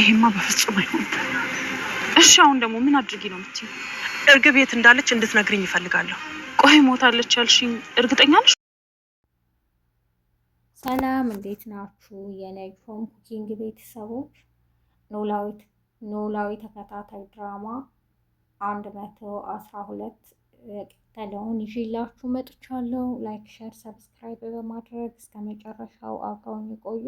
ይሄማ በፍጹም አይሆንም። እሺ አሁን ደግሞ ምን አድርጊ ነው የምትይው? እርግብ የት እንዳለች እንድትነግርኝ ይፈልጋለሁ። ቆይ ሞታለች ያልሽኝ እርግጠኛ ነሽ? ሰላም እንዴት ናችሁ? የነጂ ሆም ኩኪንግ ቤተሰቦች ኖላዊት ኖላዊ ተከታታይ ድራማ አንድ መቶ አስራ ሁለት ቀጠለውን ይዤላችሁ መጥቻለሁ። ላይክ፣ ሸር፣ ሰብስክራይብ በማድረግ እስከ መጨረሻው አብረውን ይቆዩ።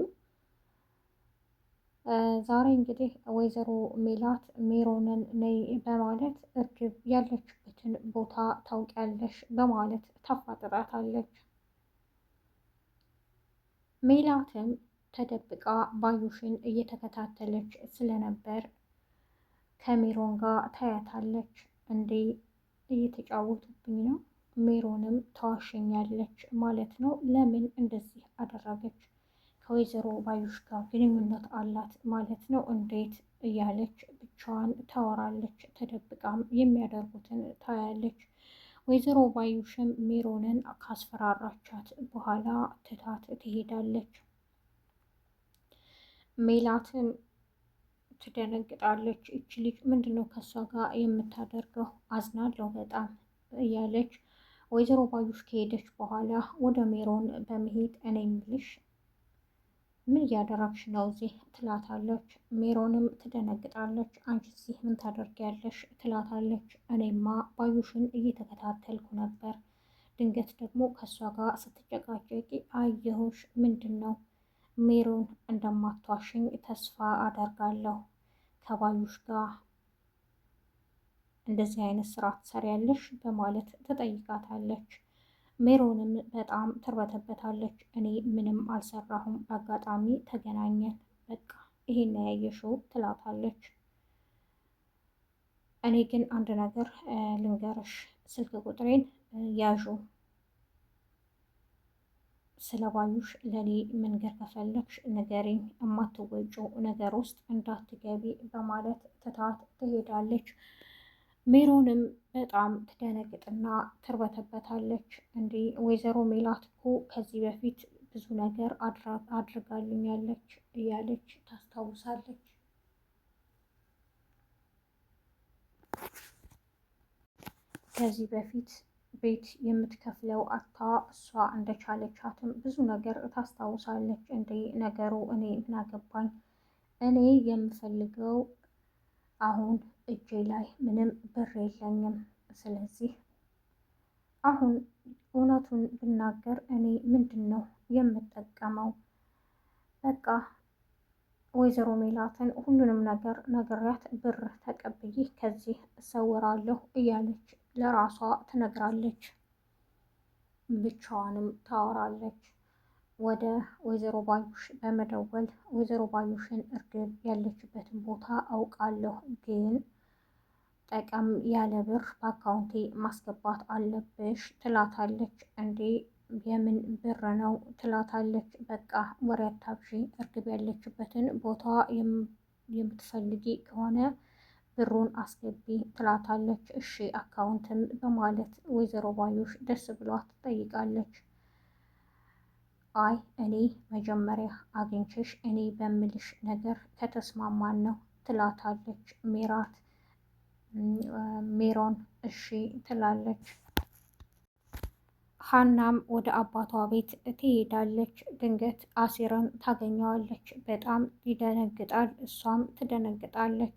ዛሬ እንግዲህ ወይዘሮ ሜላት ሜሮንን ነይ በማለት እርግብ ያለችበትን ቦታ ታውቂያለሽ በማለት ታፋጥጣታለች። ሜላትም ተደብቃ ባዩሽን እየተከታተለች ስለነበር ከሜሮን ጋር ታያታለች። እንዴ እየተጫወቱብኝ ነው፣ ሜሮንም ተዋሸኛለች ማለት ነው። ለምን እንደዚህ አደረገች? ከወይዘሮ ባዩሽ ጋር ግንኙነት አላት ማለት ነው እንዴት እያለች ብቻዋን ታወራለች። ተደብቃም የሚያደርጉትን ታያለች። ወይዘሮ ባዩሽም ሜሮንን ካስፈራራቻት በኋላ ትታት ትሄዳለች። ሜላትም ትደነግጣለች። እች ልጅ ምንድነው ከእሷ ጋር የምታደርገው? አዝናለሁ በጣም እያለች ወይዘሮ ባዩሽ ከሄደች በኋላ ወደ ሜሮን በመሄድ እኔ ምልሽ ምን እያደረግሽ ነው እዚህ ትላታለች። ሜሮንም ትደነግጣለች። አንቺ እዚህ ምን ታደርጊያለሽ ትላታለች። እኔማ ባዩሽን እየተከታተልኩ ነበር፣ ድንገት ደግሞ ከእሷ ጋር ስትጨቃጨቂ አየሁሽ። ምንድን ነው ሜሮን? እንደማቷሽኝ ተስፋ አደርጋለሁ። ከባዩሽ ጋር እንደዚህ አይነት ስራ ትሰሪያለሽ በማለት ትጠይቃታለች። ሜሮንም በጣም ትርበተበታለች። እኔ ምንም አልሰራሁም፣ በአጋጣሚ ተገናኘን፣ በቃ ይሄን ያየሽው ትላታለች። እኔ ግን አንድ ነገር ልንገርሽ፣ ስልክ ቁጥሬን ያዡ ባዩሽ ለኔ መንገር ከፈለግሽ ንገሪኝ፣ እማትወጪው ነገር ውስጥ እንዳትገቢ በማለት ትታት ትሄዳለች ሜሮንም በጣም ትደነግጥና ትርበተበታለች። እንዴ ወይዘሮ ሜላት እኮ ከዚህ በፊት ብዙ ነገር አድርጋልኛለች እያለች ታስታውሳለች። ከዚህ በፊት ቤት የምትከፍለው አታ እሷ እንደቻለቻትም ብዙ ነገር ታስታውሳለች። እንዴ ነገሩ እኔ ምን አገባኝ? እኔ የምፈልገው አሁን እጄ ላይ ምንም ብር የለኝም። ስለዚህ አሁን እውነቱን ብናገር እኔ ምንድን ነው የምጠቀመው? በቃ ወይዘሮ ሜላትን ሁሉንም ነገር ነግሪያት ብር ተቀብዬ ከዚህ እሰውራለሁ እያለች ለራሷ ትነግራለች። ብቻዋንም ታወራለች። ወደ ወይዘሮ ባዩሽ በመደወል ወይዘሮ ባዩሽን እርግብ ያለችበትን ቦታ አውቃለሁ፣ ግን ጠቀም ያለ ብር በአካውንቴ ማስገባት አለብሽ ትላታለች። እንዴ የምን ብር ነው ትላታለች። በቃ ወሬ አታብዢ፣ እርግብ ያለችበትን ቦታ የምትፈልጊ ከሆነ ብሩን አስገቢ ትላታለች። እሺ አካውንትን በማለት ወይዘሮ ባዩሽ ደስ ብሏት ትጠይቃለች። አይ እኔ መጀመሪያ አግኝቼሽ እኔ በምልሽ ነገር ከተስማማን ነው ትላታለች ሜራት። ሜሮን እሺ ትላለች። ሀናም ወደ አባቷ ቤት ትሄዳለች። ድንገት አሲርን ታገኘዋለች። በጣም ይደነግጣል፣ እሷም ትደነግጣለች።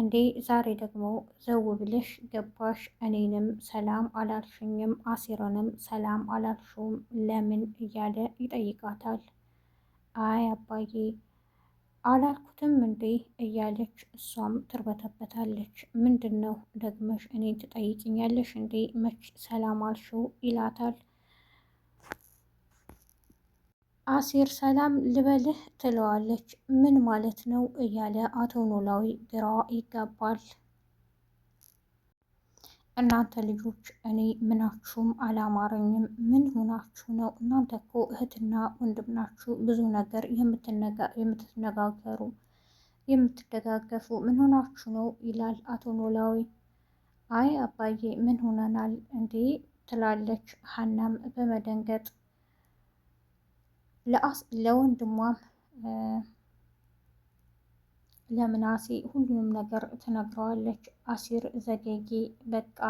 እንዴ ዛሬ ደግሞ ዘው ብለሽ ገባሽ፣ እኔንም ሰላም አላልሽኝም፣ አሴሮንም ሰላም አላልሽውም ለምን እያለ ይጠይቃታል። አይ አባዬ አላልኩትም እንዴ እያለች እሷም ትርበተበታለች። ምንድን ነው ደግመሽ እኔን ትጠይቅኛለሽ እንዴ መች ሰላም አልሽው ይላታል። አሲር ሰላም ልበልህ ትለዋለች። ምን ማለት ነው እያለ አቶ ኖላዊ ግራ ይጋባል። እናንተ ልጆች እኔ ምናችሁም አላማረኝም። ምን ሆናችሁ ነው? እናንተ እኮ እህትና ወንድም ናችሁ፣ ብዙ ነገር የምትነጋገሩ የምትደጋገፉ፣ ምን ሆናችሁ ነው? ይላል አቶ ኖላዊ። አይ አባዬ ምን ሆነናል እንዴ? ትላለች ሀናም በመደንገጥ ለወንድሟም ለምናሴ ሁሉንም ነገር ትነግረዋለች። አሲር ዘገጌ በቃ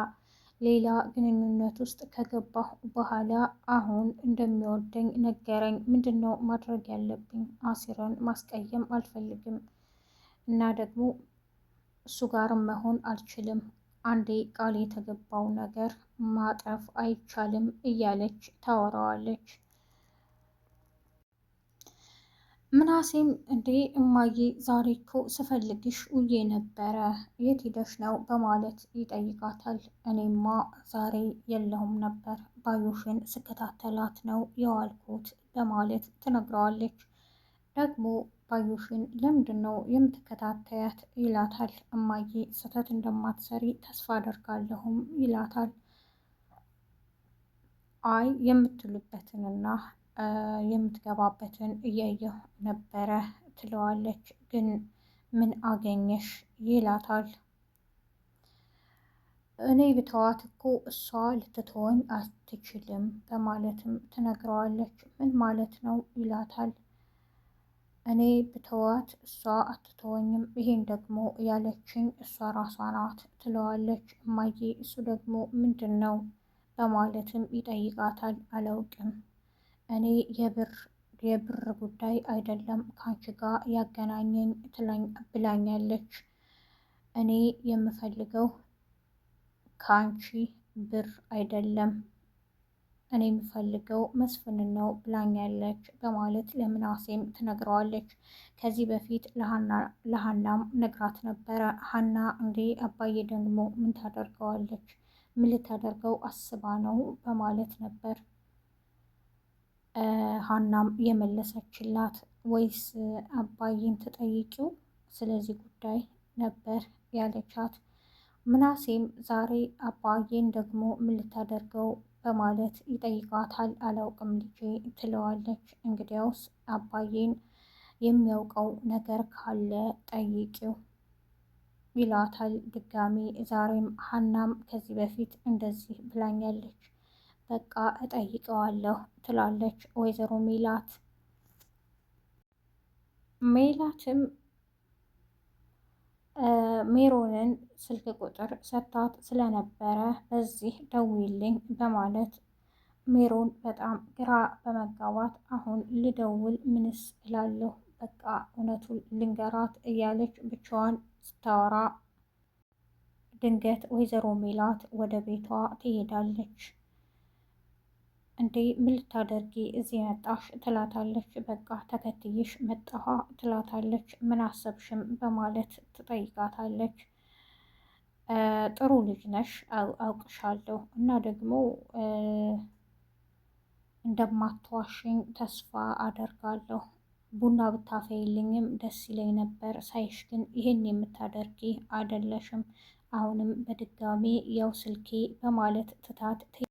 ሌላ ግንኙነት ውስጥ ከገባሁ በኋላ አሁን እንደሚወደኝ ነገረኝ። ምንድን ነው ማድረግ ያለብኝ? አሲርን ማስቀየም አልፈልግም እና ደግሞ እሱ ጋርም መሆን አልችልም። አንዴ ቃል የተገባው ነገር ማጠፍ አይቻልም እያለች ታወራዋለች። ምናሴም እንዴ እማዬ ዛሬ እኮ ስፈልግሽ ውዬ ነበረ የት ሄደሽ ነው በማለት ይጠይቃታል። እኔማ ዛሬ የለሁም ነበር ባዮሽን ስከታተላት ነው የዋልኩት በማለት ትነግረዋለች። ደግሞ ባዮሽን ለምንድን ነው የምትከታተያት ይላታል። እማዬ ስህተት እንደማትሰሪ ተስፋ አደርጋለሁም ይላታል። አይ የምትሉበትንና የምትገባበትን እያየሁ ነበረ ትለዋለች። ግን ምን አገኘሽ ይላታል። እኔ ብተዋት እኮ እሷ ልትተወኝ አትችልም በማለትም ትነግረዋለች። ምን ማለት ነው ይላታል። እኔ ብተዋት እሷ አትተወኝም፣ ይሄን ደግሞ ያለችኝ እሷ ራሷ ናት ትለዋለች። እማዬ፣ እሱ ደግሞ ምንድን ነው በማለትም ይጠይቃታል። አላውቅም እኔ የብር የብር ጉዳይ አይደለም ከአንቺ ጋር ያገናኘኝ ብላኛለች። እኔ የምፈልገው ከአንቺ ብር አይደለም፣ እኔ የምፈልገው መስፍንን ነው ብላኛለች በማለት ለምናሴም ትነግረዋለች። ከዚህ በፊት ለሀናም ነግራት ነበረ። ሀና እንዴ አባዬ ደግሞ ምን ታደርገዋለች? ምን ልታደርገው አስባ ነው በማለት ነበር ሀናም የመለሰችላት ወይስ አባዬን ተጠይቂው ስለዚህ ጉዳይ ነበር ያለቻት። ምናሴም ዛሬ አባዬን ደግሞ ምን ልታደርገው በማለት ይጠይቃታል። አላውቅም ልጄ ትለዋለች። እንግዲያውስ አባዬን የሚያውቀው ነገር ካለ ጠይቂው ይላታል ድጋሚ። ዛሬም ሀናም ከዚህ በፊት እንደዚህ ብላኛለች በቃ እጠይቀዋለሁ ትላለች ወይዘሮ ሜላት። ሜላትም ሜሮንን ስልክ ቁጥር ሰጥታት ስለነበረ በዚህ ደውልኝ በማለት ሜሮን በጣም ግራ በመጋባት አሁን ልደውል ምንስ እላለሁ በቃ እውነቱን ልንገራት እያለች ብቻዋን ስታወራ ድንገት ወይዘሮ ሜላት ወደ ቤቷ ትሄዳለች። እንዴ ምን ልታደርጊ እዚህ መጣሽ? ትላታለች። በቃ ተከትይሽ መጣኋ ትላታለች። ምን አሰብሽም? በማለት ትጠይቃታለች። ጥሩ ልጅ ነሽ አውቅሻለሁ፣ እና ደግሞ እንደማትዋሽኝ ተስፋ አደርጋለሁ። ቡና ብታፈይልኝም ደስ ይለኝ ነበር። ሳይሽ ግን ይህን የምታደርጊ አይደለሽም። አሁንም በድጋሚ ያው ስልኬ በማለት ትታት